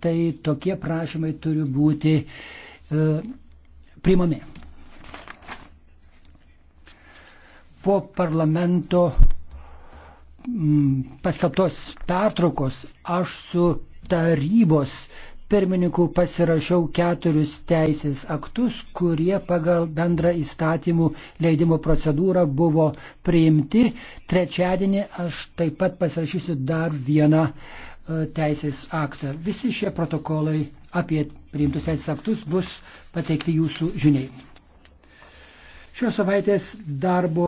tai tokie prašymai turi būti e, priimami. Po parlamento m, mm, paskelbtos pertraukos aš su tarybos pirmininku pasirašiau keturis teisės aktus, kurie pagal bendrą įstatymų leidimo procedūrą buvo priimti. Trečiadienį aš taip pat pasirašysiu dar vieną e, teisės aktą. Visi šie protokolai apie priimtus teisės aktus bus pateikti jūsų žiniai. Šios savaitės darbo